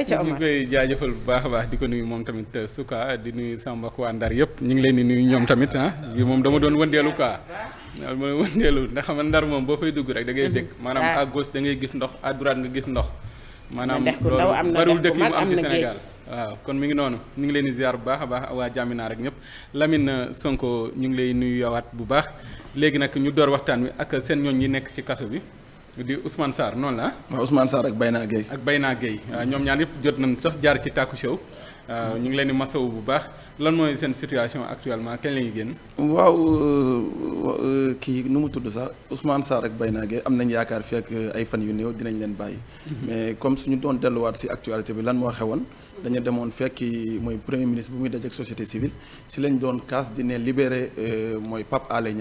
ñu ngi koy jaajëfal bu baax a baax di ko nuyu moom tamit euh, suka di nuyu Samba Ndar yëpp ñu ngi leen di nuyu ñoom tamit ah bi moom dama doon wëndeelu quoi dama doon wëndeelu ndax man Ndar moom boo fay dugg rek da ngay mm-hmm. maanaam à da ngay gis ndox à droite nga gis ndox maanaam loolu bariwul dëkk yi mu am ci Sénégal waaw kon mi ngi noonu ñu ngi leen di ziar bu baax a baax waa Jamina rek ñëpp Lamine euh, Sonko ñu ngi lay nuyu yowaat bu baax léegi nag ñu door waxtaan wi ak seen ñooñ yi nekk ci kaso bi di Ousmane Sarr noonu la ah. Ousmane Sarr ak Bayna Gueye. ak Bayna Gueye ah, ñoom ñaar yëpp jot nañ sax jaar ci Taku Show ah, ñu ngi leen di masawu bu baax lan mooy seen situation actuellement kañ la génn. waaw euh, euh, kii nu mu tudd sax Ousmane Sarr ak Bayna Gueye am nañu yaakaar fi ak euh, ay fan yu new dinañ leen bàyyi. Mhm. mais comme suñu doon delluwaat si actualité bi lan moo xewoon. dañu demoon fekki mooy premier ministre bu muy dajeek société civile si lañ doon kaas dine ne libéré mooy Pape Alé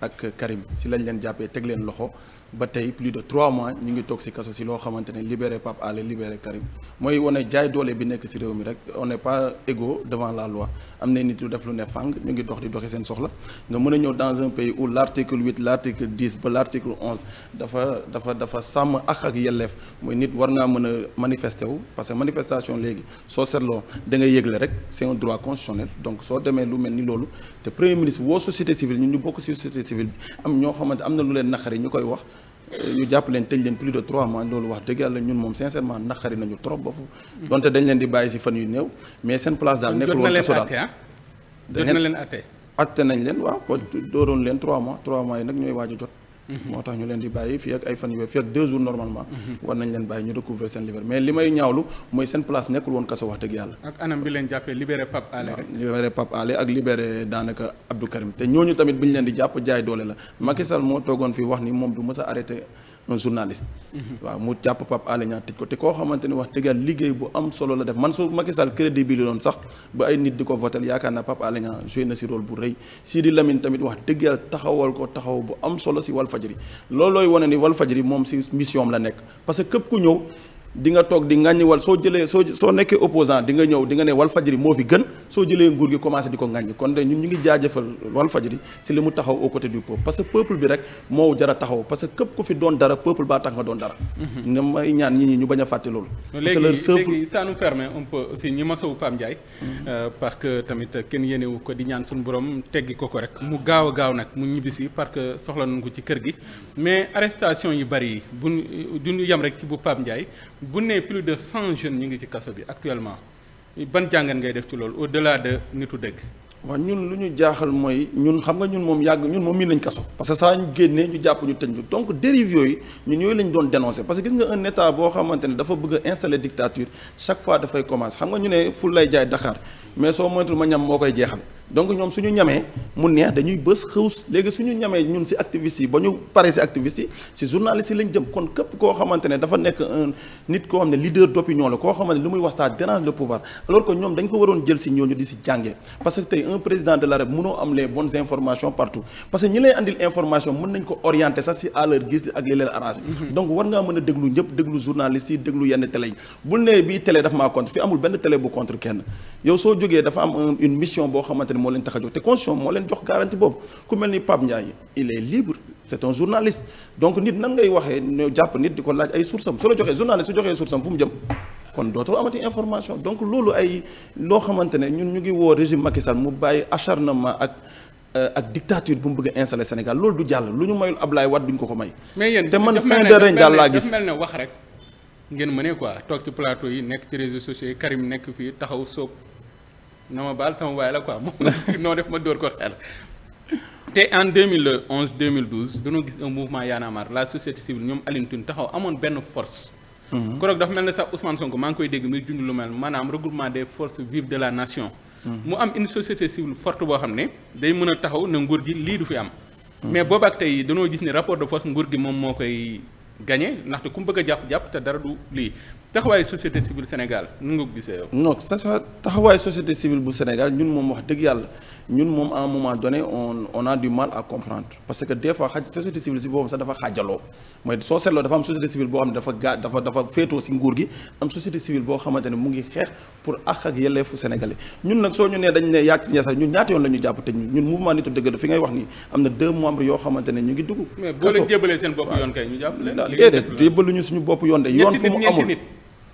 ak Karim si lañ leen jàppee teg leen loxo ba tey plus de trois mois ñu ngi toog si kaso si loo xamante ne libéré Pape Alé libéré Karim mooy wane jaay doole bi nekk si réew mi rek on n'est pas égaux devant la loi am na nit yu def lu ne fàng ñu ngi dox di doxi seen soxla nga mën a ñëw dans un pays où l' article huit l' article dix ba l' onze dafa dafa sàmm ak ak yelleef mooy nit war ngaa mën a manifester wu parce que manifestation léegi soo seetloo da ngay yëgle rek c' est un droit donc soo demee lu mel ni loolu te premier ministre woo société civile ñun ñu bokk société civile bi am ñoo xamante am na lu leen naqari ñu koy wax ñu jàpp leen tëj leen plus de trois mois loolu wax dëgg yàlla ñun moom sincèrement naqari nañu trop ba fu donte dañ leen di bàyyi si fan yu néew mais seen place daal nekkul woon kaso daal ah? jot na leen atte nañ leen waaw ko dooroon leen trois mois trois mois yi nag ñooy waaj a jot Mhm. moo tax ñu leen di bàyyi fii ak ay fan yu fii ak deux jours normalement mhm. war nañ leen bàyyi ñu recouvrer seen liberté mais li may ñaawlu mooy seen place nekkul woon kaso wax dëgg yàlla ak anam bi leen jàppee libéré Pape Alé rek libéré Pape ak libéré daanaka Abdou Karim te ñooñu tamit bi ñu leen di jàpp jaay doole la Macky Sall moo toogoon fi wax ni moom du mës a arrêté un journaliste. waaw mu jàpp Pape tëj ko te koo xamante ni wax dëgg liggéey bu am solo la def man su Macky Sall crédit bi loon sax ba ay nit di ko votel yaakaar naa Pape Alé na si rôle bu rëy Sidi Lamine tamit wax dëgg taxawal ko taxaw bu am solo si Walfadjri loolooy wane ni faj Walfadjri moom si mission la nekk parce que képp ku ñëw. di nga toog di ngàññi wal soo jëlee soo soo nekkee opposant di nga ñëw di nga ne wal fajri moo fi gën soo jëlee nguur gi commencé di ko ngàññi kon de ñu ngi jaajëfal wal fajri si li mu taxaw au côté du peuple parce que peuple bi rek moo jara taxaw parce que képp ku fi doon dara peuple baa tax nga doon dara mhm. ne may ñaan ñi ñi ñu bañ a fàtte loolu léegi ça nous permet un peu aussi ñi masawu Pape Ndiaye mhm. euh, parce que tamit kenn yéenewu ko di ñaan suñu borom teggi ko ko rek mu gaaw a gaaw nag mu ñibbisi parce que soxla nañ ko ci kër gi mais arrestation yu bari yi bu duñu yem rek ci bu Pape Ndiaye bu nee plus de cent jeunes ñu ngi ci kaso bi actuellement ban jàngat ngay def ci loolu au delà de nitu dëgg. waaw ñun lu ñu jaaxal mooy ñun xam nga ñun moom yàgg ñun moom miin nañ kaso parce que saa ñu génnee ñu jàpp ñu tëj ñu donc dérive yooyu ñun yooyu lañ doon dénoncé parce gis nga un état boo xamante ne dafa bëgg a installer dictature chaque fois dafay commencé xam nga ñu ne ful lay jaay Dakar mais soo moytul ma ñam moo koy jeexal. donc ñoom suñu ñamee mu neex dañuy bës xëws léegi suñu ñamee ñun si activistes yi ba ñu paree si activistes yi si journalistes yi lañ jëm kon képp koo xamante ne dafa nekk nit koo xam ne leader d'opinion la koo xamante ne lu muy wax ça dérange le pouvoir alors que ñoom dañ ko waroon jël si ñooñu di si jàngee parce que tey un président de la République mënoo am les bonnes informations partout parce que ñi lay andil information mën nañ ko orienter sax si à ak li mhm. am mission boo xamante ne moo leen tax a jóg te constitution moo leen jox garantie boobu ku mel ni Pape Ndiaye il est libre c'est un journaliste donc nit nan waxee ne jàpp nit di ko laaj ay source su la joxee journaliste su joxee source fu mu jëm kon dootoo amati information donc loolu ay loo xamante ne ñun ñu ngi woo régime Macky Sall mu bàyyi acharnement ak euh, ak dictature bu mu bëgg a installé Sénégal loolu du jàll lu ñu mayul Ablaye Wade duñ ko ko may. te man fin na ma baal sama waay la quoi moom noo def ma dóor ko xel te en 2011 2012 dañoo gis un mouvement Y'en a marre la société civile ñoom Alioune taxaw amoon benn force mhm. koroog dafa mel ne sax Ousmane Sonko maa ngi koy dégg muy junj lu mel maanaam regroupement de forces vives de la nation mhm. mu am une société civile forte boo xam ne day mën a taxaw na nguur gi lii du fi am mhm. mais booba ak tey dañoo gis ne rapport de force nguur gi moom moo koy gagné ndaxte ku mu bëgg a jàpp-jàpp te dara du lii taxawaayu société civile Sénégal nu nga ko gisee yow. non taxawaayu société bu Sénégal ñun moom wax dëgg yàlla ñun moom à un moment donné on on a du mal à comprendre parce que des xaj société civile si boobu sax dafa xaajaloo mooy soo seetloo dafa boo xam ne dafa gaa dafa dafa féetoo si nguur gi am société civile boo xamante ne mu ngi xeex pour àq ak yelleefu sénégalais ñun nag soo ñu nee dañ ne yàq ñeesal ñun ñaata yoon la ñu jàpp te ñun mouvement nitu dëgg la fi ngay wax nii am na deux membres yoo xamante ñu ngi dugg. mais boo leen jébalee seen bopp ñu jàpp suñu bopp yoon de yoon fu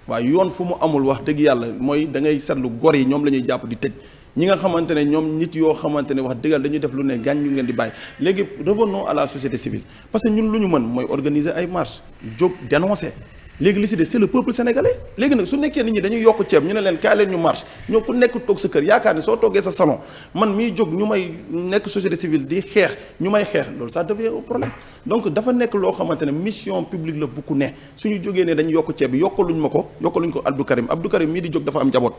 waaye yoon fu mu amul wax dëgg yàlla mooy da ngay seetlu gor yi ñoom la ñuy jàpp di tëj ñi nga xamante ne ñoom nit yoo xamante ne wax dëggal dañuy def lu ne gàñ ñu ngeen di bàyyi léegi revenons à la société civile parce que ñun lu ñu mën mooy organiser ay marche jóg dénoncer léegi li si de c'est le peuple sénégalais léegi nag su nekkee nit ñi dañu yokk ceeb ñu ne leen kaay leen ñu marche ñoo ku nekk toog sa kër yaakaar ne soo toogee sa salon man miy jóg ñu may nekk société civile di xeex ñu may xeex loolu ça devient un problème donc dafa nekk loo xamante ne mission publique la bukk ne suñu jógee ne dañu yokk ceeb bi yokkaluñ ma ko yokkaluñ ko Abdou Karim Abdou Karim mii di jóg dafa am njaboot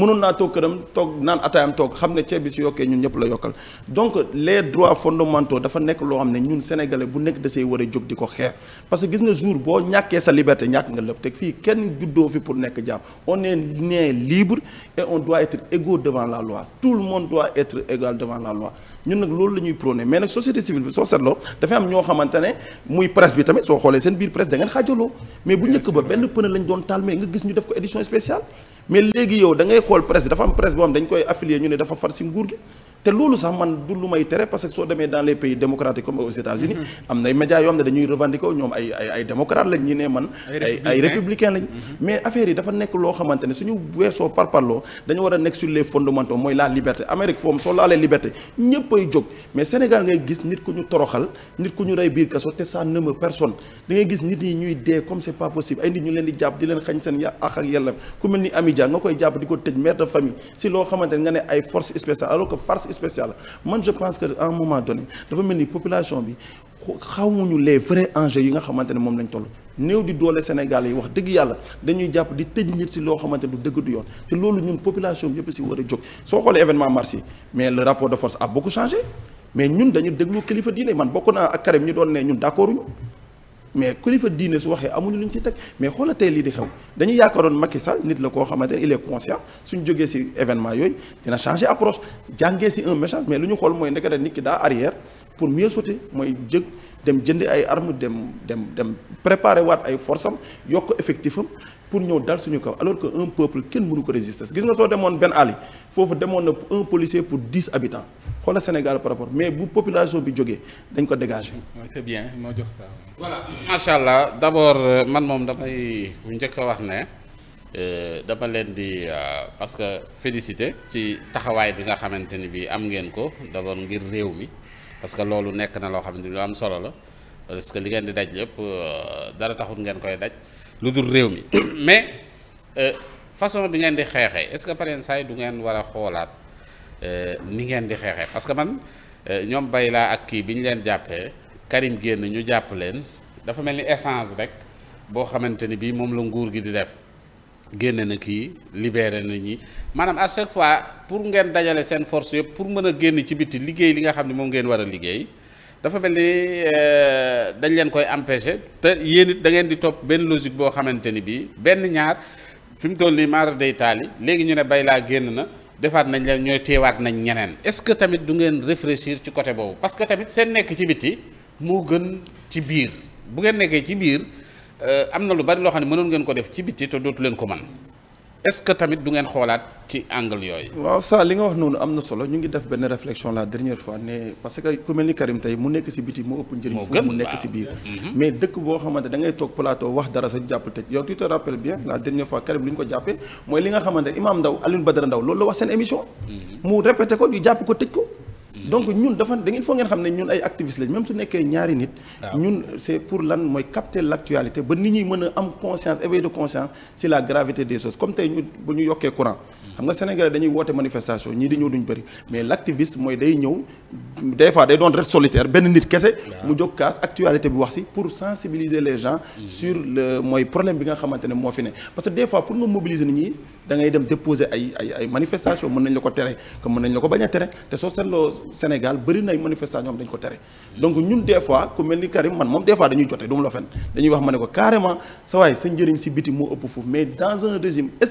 mënoon naa toog këram toog naan ataayam toog xam ne ceeb bi si yokkee ñun ñëpp la yokkal donc les droits fondamentaux dafa nekk loo xam ne ñun sénégalais bu nekk da say war a jóg di ko xeex parce que gis nga jour boo ñàkkee sa liberté ñàkk nga lépp teg fii kenn juddoo fi pour nekk jaam on est né libre et on doit être égaux devant la loi tout le monde doit être égal devant la loi ñun nag loolu la ñuy prôné mais nag société civile bi soo seetloo dafay am ñoo xamante ne muy presse bi xoolee seen biir presse da ngeen xaajaloo mais benn pëne lañ doon taal mais gis ñu def ko édition spéciale mais léegi yow da ngay xool presse bi dafa am presse boo xam dañ koy affilier ñu ne dafa far si nguur gi te loolu sax man du lu may tere parce que soo demee dans les pays comme aux États-Unis am nay médias yoo xam ne dañuy revendiquer ñoom ay ay ay démocrates lañ ñi ne man ay républicain lañ mhm. mais affaire yi dafa nekk loo xamante ne suñu weesoo parparloo dañu war a nekk sur les fondamentaux mooy la liberté Amérique foofu soo laalee liberté ñëpp jóg mais Sénégal ngay gis nit ku ñu toroxal nit ku ñu rey biir kaso te ça ne personne da gis nit spéciale man je pense que à un moment donné dafa mel ni population bi xaw ñu les vrais enjeux yi nga xamante ne moom lañ toll néew di doole Sénégal yi wax dëgg yàlla dañuy jàpp di tëj nit si loo xamante du dëgg du yoon te loolu ñun population bi yëpp si war a jóg soo xoolee événement mars yi mais le rapport de force a beaucoup changé mais ñun dañu déglu kilifa diine man bokk naa ak Karim ñu doon ne ñun d'accorduñu mais kilifa diine su waxee amuñu luñ ci teg mais xoola tey lii di xew dañu yaakaaroon Macky Sall nit la koo xamante ne il est conscient suñ jógee ci événement yooyu dina changer approche jàngee ci un message mais lu ñu xool mooy ndekete nit ki daa arrière pour mieux sauter mooy jëg dem jënd ay armes dem dem dem préparer waat ay force am yokk effectif pour ñëw dal suñu kaw alors que un peuple kenn mënu ko résister gis nga soo demoon benn Ali foofu demoon na un policier pour dix habitants xoolal Sénégal par rapport mais bu population bi jógee dañ ko dégager. c'est bien moo jox ça. voilà macha allah d'abord euh, man moom damay njëkk a wax ne euh, dama leen di euh, parce que félicité ci taxawaay bi nga xamante ni bi am ngeen ko d'abord ngir réew mi parce que loolu nekk na loo xamante ni lu am solo la parce que li ngeen di daj lépp dara taxut ngeen koy daj lu dul réew mi mais façon bi ngeen di xeexee est-ce que par exemple saa yi du ngeen war a xoolaat. Euh, ni ngeen di xeexee parce que man euh, ñoom bay laa ak kii bi ñu leen jàppee Karim génn ñu jàpp leen dafa mel ni essence rek boo xamante ni bii moom la nguur gi di def génne na kii libéré na ñi maanaam à chaque fois pour ngeen dajale seen force yëpp pour mën a génn ci biti liggéey li nga xam ni moom ngeen war a liggéey dafa mel ni euh, dañ leen koy empêché te yéen it dangeen di topp benn logique boo xamante ni bii benn ñaar fi mu toll nii maar day taali léegi ñu ne bay laa génn na. defaat nañ la ñooy teewaat nañ ñeneen est-ce que tamit du ngeen réfléchir ci côté boobu parce que tamit seen nekk ci biti moo gën ci biir bu ngeen nekkee ci biir euh, am na lu bari loo xam ne mënoon ngeen ko def ci bitti te dootu leen ko man est-ce que tamit du ngeen xoolaat ci angle yooyu. waaw ça li nga wax noonu am na solo ñu ngi def benn réflexion la dernière fois ne parce que ku mel ni Karim tey mu nekk si biti mu ëpp njëriñ. moo mu nekk si biir. Mm-hmm. mais dëkk boo xamante da toog plateau wax dara sa jàpp tëj yow tu te bien la dernière fois Karim li ñu ko jàppee mooy li nga xamante Imam Ndaw Alioune Badara Ndaw loolu la wax seen émission. Mm-hmm. mu répété ko ñu jàpp ko tëj ko. donc ñun dafa dangeen ngeen foog ngeen xam ne ñun ay activistes lañ même su nekkee ñaari nit. ñun c'est pour lan mooy capter l'actualité ba nit ñi mën a am conscience éveil de conscience c'est la gravité des choses comme tey bu ñu yokkee courant. xam nga sénégalais dañuy woote manifestation ñii di ñëw duñ bëri mais l' activiste mooy day ñëw des fois day doon ret solitaire benn nit kese mu jóg kaas actualité bi wax si pour sensibiliser les gens sur le mooy problème bi nga xamante ne moo fi ne parce que des fois pour nga mobiliser nit ñi da ngay dem déposer ay ay ay manifestation mën nañ la ko tere que mën nañ la ko bañ a tere te soo seetloo Sénégal bëri na ay manifestation ko tere donc ñun des fois ku mel ni Karim man moom des fois dañuy jote du mu wax ma ne ko carrément sa waay sa njëriñ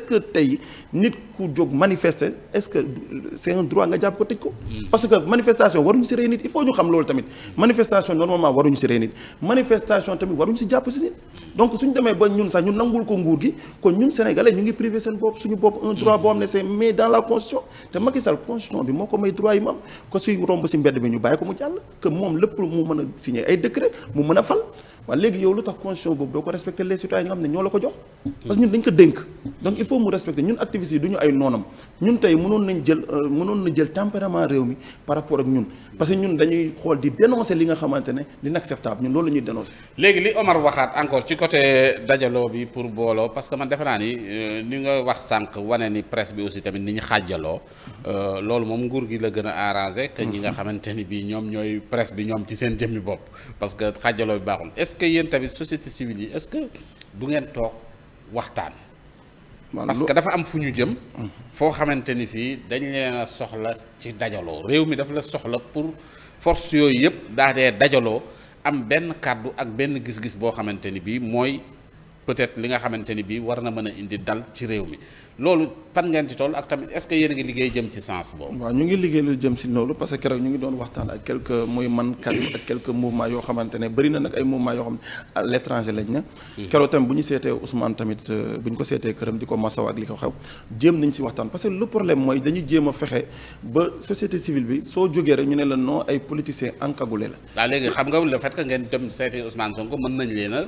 que tey jóg manifester est-ce que c'est un droit nga jàpp ko tëj ko. parce que manifestation waruñu si rey nit il faut ñu xam loolu tamit. manifestation normalement waruñu si rey nit manifestation tamit waruñu si jàpp si nit. donc suñu demee ba ñun sax ñu nangul ko nguur gi kon ñun sénégalais ñu ngi privé seen bopp suñu bopp un droit boo xam ne c'est mais dans la constitution te Macky Sall constitution bi moo ko may droit yi mu am ko suy romb si mbedd bi ñu bàyyi ko mu jàll que moom lépp mu ay décret mu mën a fal. waaw léegi yow lu tax constitution boobu doo ko respecter les citoyens nga xam ne ñoo la ko jox parce que ñun dañ ko dénk donc il faut mu respecter ñun activistes yi du ñu ay noonam ñun tey mënoon nañ jël euh, mënoon na jël tempérament réew mi par rapport ak ñun parce que ñun dañuy xool di dénoncer li nga xamante ne l'inacceptable ñun loolu la ñuy dénoncer. léegi li Omar waxaat encore ci côté dajaloo bi pour booloo parce que man defe naa ni euh, ni nga wax sànq wane ni presse bi aussi tamit ni ñu xaajaloo euh, loolu moom nguur gi la gën a arrangé. que yi nga xamante ni bii ñoom ñooy presse bi ñoom ci seen jëmmi bopp parce que xaajaloo bi baaxul est-ce que yéen tamit société civile yi est-ce que du ngeen toog waxtaan. parce que dafa am fu ñu jëm. foo xamante ni fii dañ leen soxla ci dajaloo réew mi dafa la soxla pour force yooyu yëpp daa dajaloo am benn kàddu ak benn gis-gis boo xamante ni bii mooy peut-être li nga xamante ni bii war na mën a indi dal ci réew mi loolu fan ngeen ci toll ak tamit est-ce que yéen a ngi liggéey jëm ci sens boobu. waaw ñu ngi liggéey lu jëm si loolu parce que keroog ñu ngi doon waxtaan ak quelques muy man Karim ak quelques mouvements yoo xamante ne bëri na nag ay mouvement yoo xam ne à l'étranger lañ na. Hmm. keroog tamit bu ñu seetee Ousmane tamit euh, bu ñu ko seetee këram di ko masaw ak li ko xew jéem nañ si waxtaan parce que le problème mooy dañu jéem a fexe ba société civile bi soo jógee rek ñu ne la non ay politiciens encagoulés la. waaw léegi xam nga le fait que ngeen dem seeti Ousmane Sonko mën nañ leen a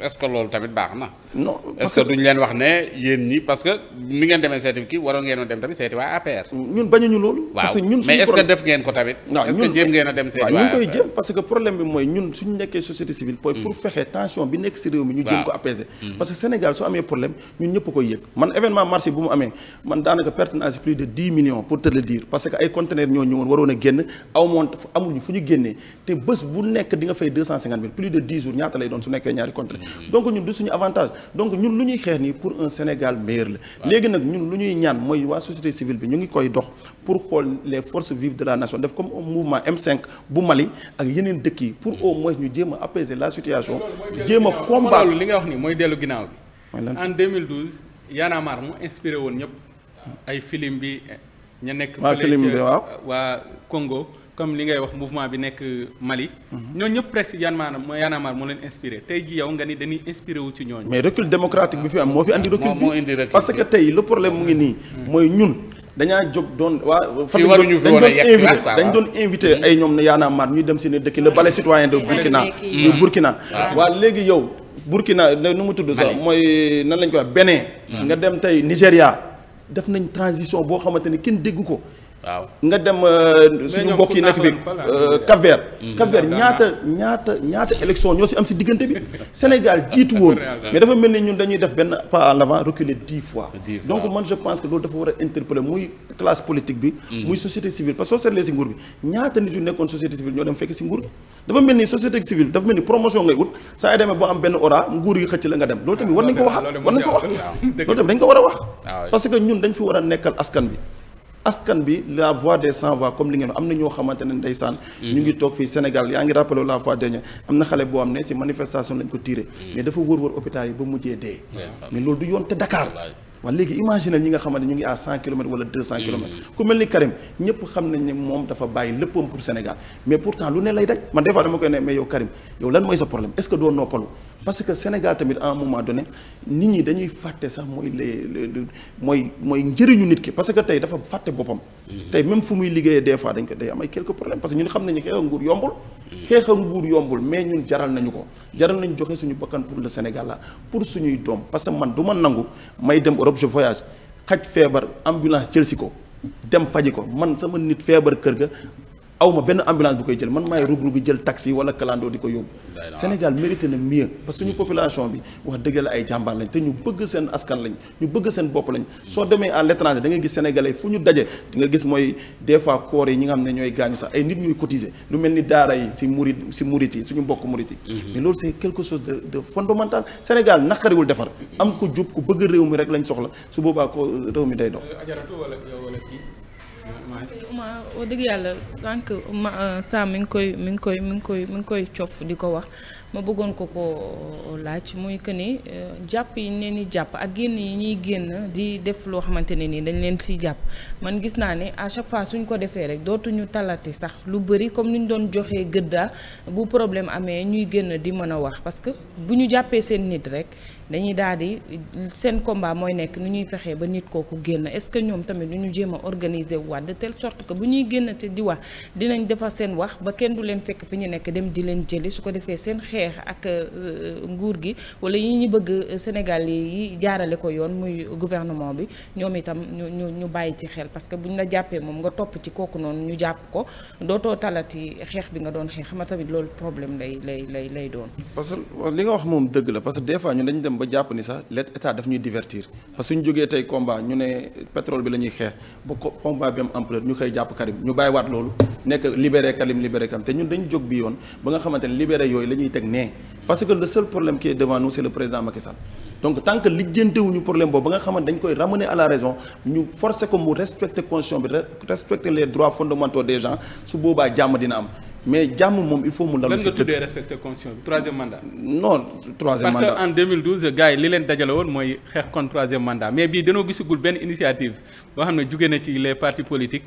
est-ce que loolu tamit baax na. non parce que duñ leen wax ne yéen ñi parce que mi ngeen demee seeti kii waroon ngeen dem tamit seeti waa APR. ñun bañuñu loolu. parce que ñun suñu mais def ngeen ko tamit. waaw ñu koy jéem parce que problème bi mooy ñun suñu nekkee société civile. Mm. pour fexe tension bi nekk si réew mi. ñu jéem ko apaiser. Mm. parce que Sénégal su amee problème ñun ñëpp koy yëg man événement marché bu mu amee man daanaka perte naa plus de dix millions pour te le dire parce que ay conteneurs ñoo ñëwoon waroon a léegi nag ñun lu ñuy ñaan mooy waa société civile bi ñu ngi koy dox pour xool les forces vives de la nation def comme un mouvement M5 bu Mali ak yeneen dëkk yi pour au moins ñu jéem a la situation jéem a combattre li nga wax ni mooy dellu ginnaaw bi en 2012 Y'en a marre mu inspiré woon ñëpp ay film bi ña nekk waa Congo comme li ngay wax mouvement bi nekk Mali. Mhm. ñooñu ñëpp presque Yann maanaam mooy Y'en a marre moo leen inspiré tey jii yow nga ni dañuy inspiré wu ci ñooñu. mais recul démocratique bi fi am moo fi andi. recul bi parce que tey le problème mu ngi nii. Mhm. mooy ñun. dañaa jóg doon waa Fatick dañ doon invité mhm. ay ñoom ne Y'en a marre ñuy dem seen dëkk le ballet citoyen de Burkina de Burkina waa léegi yow Burkina nu mu tudd sax mooy nan lañ koy wax nga dem tey Nigéria def nañ transition boo xamante ni kenn dégg ko waaw nga dem euh, suñu mbokk yi nekk fi euh, Cap Vert mm-hmm. ñaata ñaata ñaata élection ñoo si am si diggante bi Sénégal jiitu woon mais dafa mel ni ñun dañuy def benn pas en avant reculer dix fois donc man je pense que loolu dafa war a interpeller muy classe politique bi mm-hmm. muy société civile parce soo seetlee si nguur bi ñaata nit yu nekkoon société civile ñoo dem fekk si nguur gi dafa mel ni société civile dafa mel ni promotion ngay ut saa yi demee boo am benn aura nguur a wax ah parce que ñun dañ fi a nekkal askan bi askan bi la voix des sans voix comme li ngeen am na ñoo xamante ne ndeysaan mm-hmm. ñu ngi toog fii Sénégal yaa ngi rappelé la fois dernière am na xale boo am ne si manifestation lañ ko tiré mm-hmm. mais dafa wër wër hôpital yi ba mujjee dee mais loolu du yoon te Dakar waaye léegi imagine ñi nga xamante ñu ngi à cent kilomètres wala deux cent hmm. ku mel ni Karim ñëpp xam nañ ne moom dafa bàyyi léppam pour Sénégal mais pourtant lu ne lay daj man des fois mooy sa problème est parce que Sénégal tamit nit ki parce que tey dafa fàtte boppam hmm. tey même fu muy liggéeyee des fois dañ ko xam nañu xeex a nguur yombul hmm. xeex a nguur yombul mais ñun jaral nañu ko jaral nañu joxe suñu bakkan pour le Sénégal la pour suñuy doom parce que man du ma nangu may dem Europe je voyage xaj feebar ambulance jël si ko dem faji ko man sama nit feebar kër ga awma benn ambulance bu koy jël man maay rug-rugi jël taxi wala kalandoo di ko yóbbu Sénégal mérité na mieux parce que suñu population bi wax dëgg la ay jàmbaar lañ te ñu bëgg seen askan lañ ñu bëgg seen bopp lañ soo demee à l'étranger da nga gis sénégalais fu ñu daje di gis mooy des fois corps yi ñi nga xam ne ñooy gaañu sax ay nit ñuy cotiser lu mel ni daara yi si murit si murit yi suñu mbokk murit yi mhm. mais loolu c'est quelque chose de de fondamental Sénégal naqariwul defar am ko jub ku bëgg réew mi rek lañ soxla su boobaa ko réew mi day dox ma wax dëgg yàlla sànq ma euh, saa mi ngi koy mi ngi koy mi ngi koy mi ngi koy cof di ko wax ma bëggoon ko ko euh, laaj muy que ni euh, jàpp yi nee jàpp ak génn yi ñuy génn di def loo xamante ne nii dañ leen si jàpp man gis naa ne à chaque fois suñ ko defee rek dootuñu talati sax lu bëri comme ni ñu doon joxe gëddaa bu problème amee ñuy génn di mën a wax parce que bu ñu jàppee seen nit rek. dañuy daal seen combat mooy nekk nu ñuy fexee ba nit kooku génn est ce que ñoom tamit du ñu jéem a organiser wu waat de telle sorte que bu ñuy génn te di wax dinañ defar seen wax ba kenn du leen fekk fi ñu nekk dem di leen jëli su ko defee seen xeex ak euh, nguur gi wala yi ñu bëgg euh, Sénégal yi jaarale ko yoon muy gouvernement bi ñoom itam ñu ñu ñu bàyyi ci xel parce que buñ la jàppee moom nga topp ci kooku noonu ñu jàpp ko dootoo talati xeex bi nga doon xeex xam tamit loolu problème lay lay lay lay doon. ba jàpp ni sax let état daf ñuy divertir parce que suñu jógee tey combat ñu ne pétrole bi la ñuy xeex ba combat bi am ampleur ñu xëy jàpp Karim ñu bàyyiwaat loolu nekk libéré Karim libéré Karim te ñun dañu jóg bi yoon ba nga xamante ne libéré yooyu la ñuy teg nee parce que le seul problème qui est devant nous c'est le président Macky Sall donc tant que lijjantewuñu problème boobu ba nga xamante dañ koy ramener à la raison ñu forcer ko mu respecter constitution boobaa jàmm dina am mais jàmm moom il faut mu dalu si lan nga tuddee respecté constitution bi troisième mandat. non troisième mandat parce que en 2012 gars yi li leen dajale woon mooy xeex contre troisième mandat mais bii danoo gisagul benn initiative boo xam ne jugee na ci les parti politique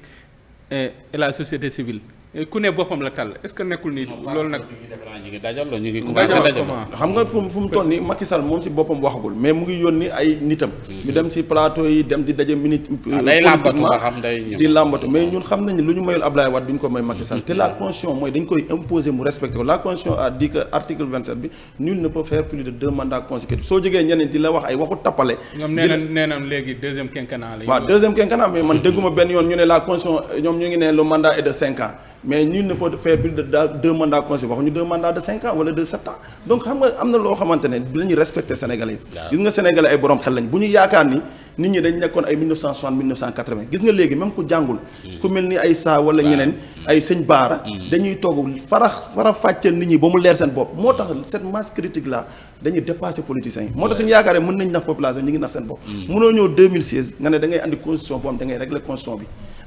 et la société civile. ku ne boppam la tal est-ce que nekkul ni loolu nag ñu ngi xam nga fu mu toll nii Macky Sall moom si boppam waxagul mais mu ngi yónni ay nitam ñu mhm. dem si plateau yi dem di daje minute ah, di làmbatu mais ñun xam nañ lu ñu mayul Ablaye Wade duñ ko may Macky Sall mhm. te la constitution mooy dañ koy imposer mu respecté ko la constitution a dit que bi nul ne peut faire plus de deux mandats soo jógee ñeneen di la wax ay waxu tappale ñoom nee na na léegi deuxième quinquennat la benn yoon ñu ne la constitution ñoom ñu ne le mandat mais nul ne peut faire plus de deux mandats consécutifs waxuñu deux mandats de cinq ans wala de sept ans donc xam nga am na loo xamante ne dañuy respecter sénégalais yi gis nga sénégalais ay borom xel lañ bu ñu yaakaar ni nit ñi dañ nekkoon ay 1960 1980 gis nga léegi même ku jàngul hmm. ku mel ni ay saa wala ñeneen ay sëñ baara hmm. Hmm. dañuy toog farax fara fàcceel nit ñi ba mu leer seen bopp moo tax cette masse critique là dañuy dépasser politiciens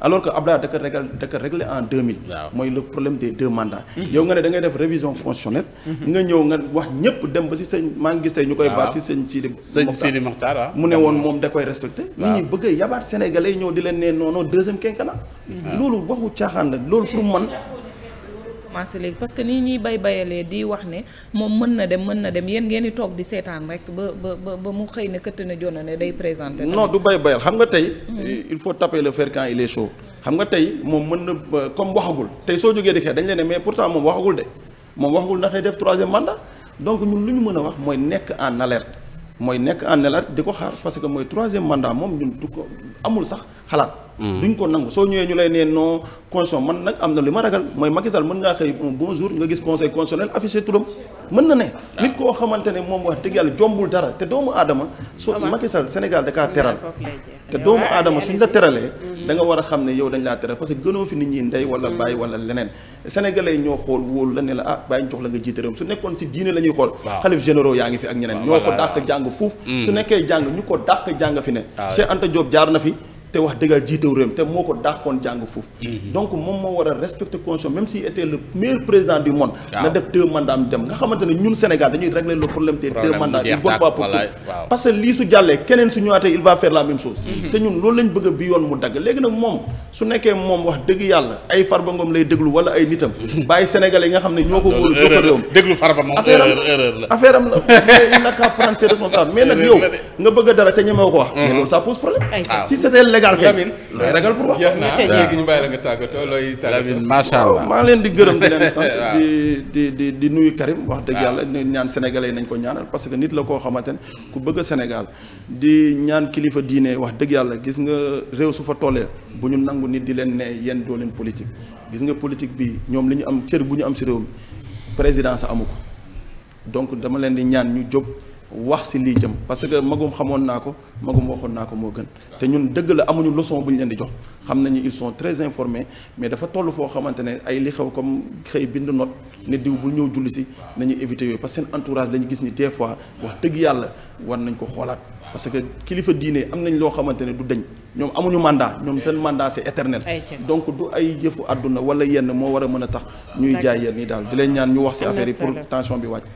alors que Abdoulaye da ko réglé da ko en 2000. waaw mooy le problème des deux mandats. Mhm. yow nga ne da ngay def révision constitutionnelle. Mhm. nga ñëw nga wax ñëpp dem ba si sëñ maa ngi gis tey ñu koy. baar si sëñ Sidi. sëñ Sidi Mokhtar waaw mu ne woon moom da koy respecté. nit ñi bëgg a yabaat sénégalais ñëw di leen ne non non deuxième quinquennat. loolu waxu caaxaan la loolu pour man. commencé léegi parce que nii ñuy bay bayalee di wax ne moom mën na dem mën na dem yéen ngeen di toog di seetaan rek ba ba ba mu xëy na këtt na jona ne day présenté. non du bay bayal xam nga tey. Mm-hmm. Eh, il faut taper le fer quand il est chaud. xam nga tey moom mën na comme waxagul tey soo jógee di xeex dañ leen ne mais pourtant moom waxagul de moom waxagul ndax day def troisième mandat donc ñun lu ñu mën a wax mooy nekk en nalerte mooy nekk en alerte di ko xaar parce que mooy troisième mandat moom ñun du ko amul sax xalaat. Mm-hmm. duñ ko nangu soo ñëwee ñu lay nee non constitution man nag am na li ma ragal mooy Macky Sall mën ngaa xëy un nga gis conseil constitutionnel affiché turam mën na ne ah. nit koo xamante ne moom wax dëgg jombul dara te doomu aadama soo Macky Sall Sénégal da kaa teral te doomu aadama suñ la teralee mm-hmm. da war a xam ne yow dañ laa teral parce que gënoo fi nit ñi ndey wala mm-hmm. bàyyi wala leneen sénégalais ñoo xool wóolu la la ah bàyyi ñu jox la nga jiite réew su nekkoon si diine lañuy ñuy xool xalif généraux yaa ngi fi ak ñeneen ñoo mm. jàng ñu ko dàq jàng fi ne Cheikh Anta Diop jaar na fi te wax dëggal jiitew réew mi te moo ko dàqoon jàng foofu. Mhm. donc moom moo war a respecter constitution même s'il était le meilleur président du monde. na def deux mandats dem nga xamante ne ñun Sénégal dañuy régler le problème te deux mandats une bonne fois pour parce que lii su jàllee keneen su ñëwaatee il va faire la même chose. Mhm. te ñun loolu lañ bëgg a bi yoon mu dagg léegi nag moom su nekkee moom wax dëgg yàlla ay Farba Ngom lay déglu wala ay nitam bàyyi sénégal yi nga xam ne ñoo ko wóolu jox ko réewam déglu Farba moom nga bëgg dara te ko wax mm-hmm. mais loolu ça pose problème si c'était légal kay looy ragal pour wax léegi ñu bàyyi la nga maa leen di gërëm di leen sant di di di nuyu Karim wax dëgg yàlla ñaan sénégalais yi nañ ko ñaanal parce que nit la koo xamante ne ku bëgg Sénégal di ñaan kilifa diine wax dëgg yàlla gis nga réew su fa tollee bu ñu nangu nit di leen ne yéen doo leen politique gis nga politique bi ñoom li ñu am cër bu ñu am si réew mi présidence amu ko donc dama leen di ñaan ñu jóg wax si lii jëm parce que magum xamoon naa ko magum waxoon naa ko moo gën te ñun dëgg la amuñu leçon bu ñu leen di jox xam nañu il sont très informés mais dafa toll foo xamante ne ay li xew comme xëy bind not ne diw bul ñëw julli si nañu éviter yooyu parce que seen entourage dañu gis ni des fois wax dëgg yàlla war nañ ko xoolaat parce que kilifa diine am nañ loo xamante ne du deñ ñoom amuñu mandat ñoom seen mandat si éternel donc du ay jëfu àdduna wala yenn moo war a mën a tax ñuy jaay yenn yi daal di leen ñaan ñu wax ci affaire yi pour tension bi wàcc